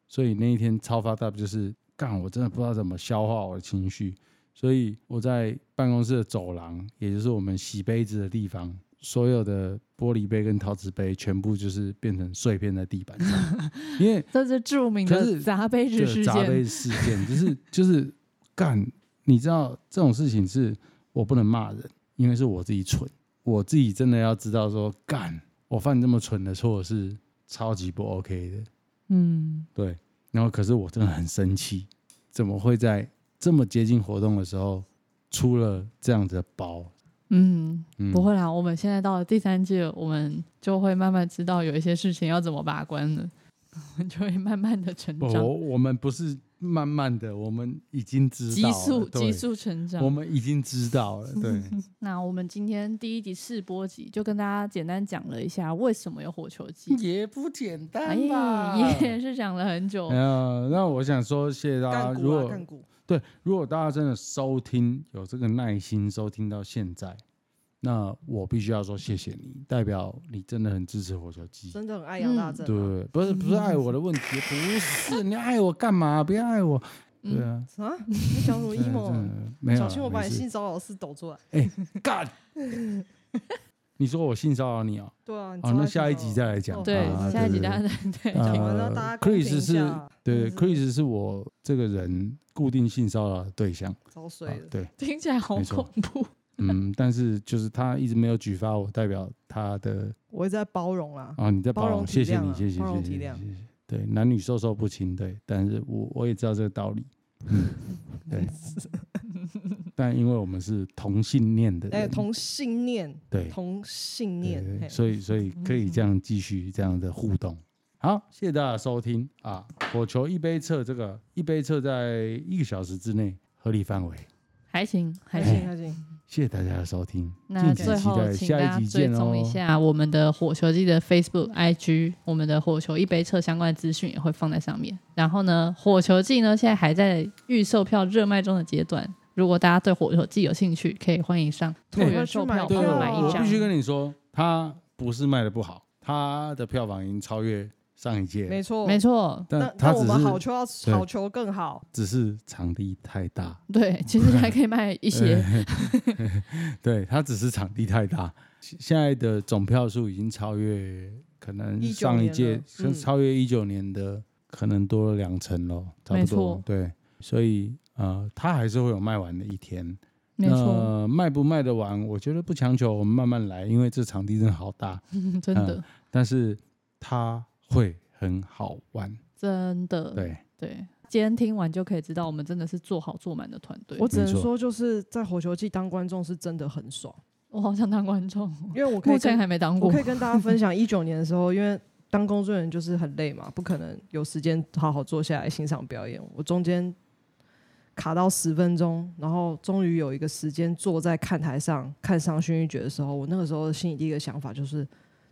所以那一天超發大就是幹，我真的不知道怎麼消化我的情緒。所以我在辦公室的走廊，也就是我們洗杯子的地方，所有的玻璃杯跟陶瓷杯全部就是變成碎片在地板上。因為這是著名的砸杯子事件。砸杯事件就是就是幹，你知道這種事情是，我不能罵人，因為是我自己蠢，我自己真的要知道說幹，我犯這麼蠢的錯是超級不 OK 的。嗯，對。然後可是我真的很生氣，怎麼會在？這麼接近活動的時候，出了這樣子的包，嗯，嗯不會啦。我們現在到了第三季，我們就會慢慢知道有一些事情要怎麼把關了， 就會慢慢的成長我。我們不是慢慢的，我們已經知道急速急速成長，我們已經知道了。對，嗯、那我們今天第一集試播集就跟大家簡單講了一下為什麼有火球祭，也不簡單吧，也、哎、是講了很久。沒、呃、有，那我想說謝謝大家。如果對，如果大家真的收聽有這個耐心收聽到現在，那我必須要說謝謝你，代表你真的很支持我，說基真的很愛楊大正，啊，嗯、對，對，不是不是愛我的問題，不是、嗯、你愛我幹嘛？不要愛我，對啊，嗯、啊什麼嗎？你搞什麼陰謀。小心我把你性騷擾事抖出來！哎、欸，幹 ，你說我性騷擾你啊？對啊、哦，那下一集再來講。對，下一集再來講對，講完了、嗯、Chris 是，對，Chris 是我這個人。固定性騷擾的對象，遭罪了、啊，對，聽起來好恐怖。嗯，但是就是他一直沒有舉發我，代表他的，我也在包容啦。啊，你在包容，包容體諒啊、謝謝你，謝謝，謝謝，對，男女授受不親，對，但是我我也知道這個道理。 嗯、對， 但因為我們是同性戀的，哎，同性戀，對，同性戀，所以所以可以這樣繼續、嗯、這樣的互動。好，謝謝大家收聽啊！火球一杯撤這個一杯撤在一個小時之內合理範圍，還行，還行、哎，還行。謝謝大家的收聽。那最後，下一集見哦！請大家追蹤一下我們的火球祭的 Facebook、IG，我們的火球一杯撤相關的資訊也會放在上面。然後呢，火球祭呢現在還在預售票熱賣中的階段。如果大家對火球祭有興趣，可以歡迎上。特票票對，預售票、哦，對，我必須跟你說，它不是賣得不好，它的票房已經超越。上一屆，沒錯，沒錯，但他只是但但我們好球要好球更好，只是場地太大。對，其實還可以賣一些。 對，對，他只是場地太大。現在的總票數已經超越可能上一屆，超越一九年的、嗯、可能多了兩成了，差不多。對，所以呃，他還是會有賣完的一天。沒錯，那賣不賣得完，我覺得不強求，我們慢慢來，因為這場地真的好大， 真的、呃。但是他。會很好玩，真的。對對，今天聽完就可以知道，我們真的是做好做滿的團隊。我只能說，就是在《火球祭》當觀眾是真的很爽，我好想當觀眾，因為我目前還沒當過。我可以跟大家分享，一九年的時候， 因為當工作人員就是很累嘛，不可能有時間好好坐下來欣賞表演。我中間卡到十分鐘，然後終於有一個時間坐在看台上看《傷心欲絕》的時候，我那個時候的心裡第一個想法就是。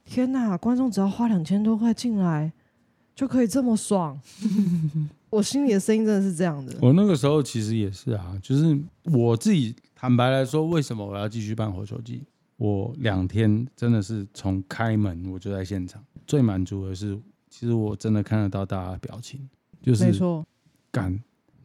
天吶！觀眾只要花兩千多塊進來，就可以這麼爽。 我心裡的聲音真的是這樣的。我那個時候其實也是啊，就是我自己坦白來說，為什麼我要繼續辦火球祭。我兩天真的是從開門我就在現場，最滿足的是，其實我真的看得到大家的表情，就是沒錯，感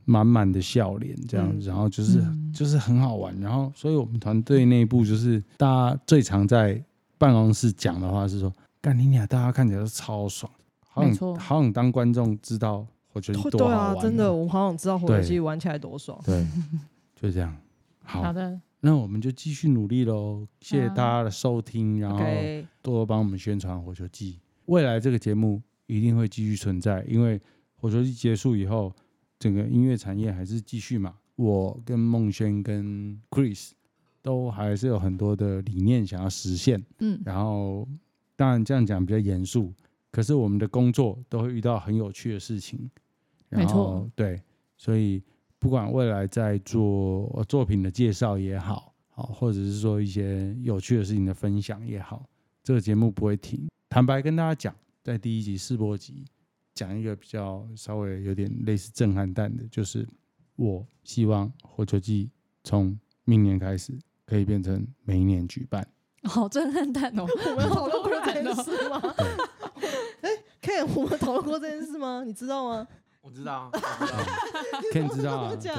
滿滿的笑臉這樣，然後就是、嗯、就是很好玩，然後所以我們團隊內部就是大家最常在。辦公室講的話是說，幹你娘，大家看起來都超爽，好想好想當觀眾知道，火球祭多好玩啊，對，對啊，真的，我好想知道火球祭玩起來多爽。對，對就是這樣好。好的，那我們就繼續努力嘍。謝謝大家的收聽、啊，然後多多幫我們宣傳《火球祭》okay。未來這個節目一定會繼續存在，因為《火球祭》結束以後，整個音樂產業還是繼續嘛。我跟孟軒跟 Chris。都還是有很多的理念想要實現，嗯，然後當然這樣講比較嚴肅，可是我們的工作都會遇到很有趣的事情，然後沒錯，對，所以不管未來在做作品的介紹也好，或者是說一些有趣的事情的分享也好，這個節目不會停。坦白跟大家講，在第一集試播集講一個比較稍微有點類似震撼彈的，就是我希望《火球祭》從明年開始，可以變成每一年舉辦，好震撼彈哦！ 我們討論過這件事嗎？哎 欸、，Ken，我們討論過這件事嗎？你知道嗎？ 我知道，我知道 ，Ken 知道啊， 對，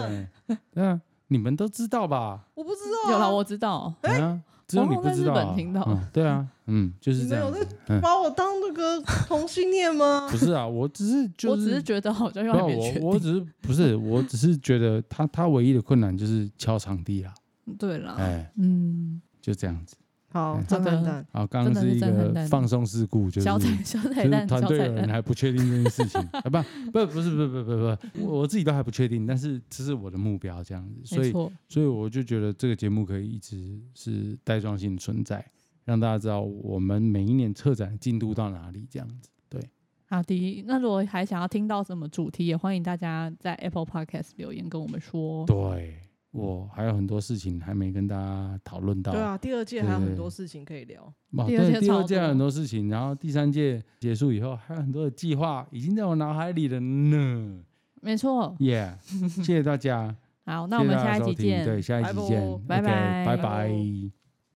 嗯、啊，你們都知道吧？我不知道、啊，有了，我知道，哎、 欸，只有你在日本聽到，對啊，嗯，就是這樣。有把我當那個同性戀嗎？ 不是啊，我只是、就是， 我只是覺得好像有點、啊，我我只是不是，我只是覺得他他唯一的困難就是敲場地啊。對了，哎，嗯，就這樣子。好，彩、嗯、蛋，好，剛剛是一個放鬆事故，就是小彩小彩蛋，小、就是、還不確定這件事情 啊，不不不是不不不不，不，不，我自己都還不確定，但是這是我的目標這樣子，所以所以我就覺得這個節目可以一直是帶狀性存在，讓大家知道我們每一年策展進度到哪裡這樣子。對，好，第一，那如果還想要聽到什麼主題，也歡迎大家在 Apple Podcast 留言跟我們說。對。我、哦、還有很多事情還沒跟大家討論到。對啊，第二屆還有很多事情可以聊。哦、對，第二屆還有很多事情，然後第三屆結束以後還有很多的計劃，已經在我腦海裡了呢。沒錯。y、yeah, 謝謝大家。 好，謝謝大家收聽，那我們下一集見。對，下一集見。拜拜、okay，拜拜。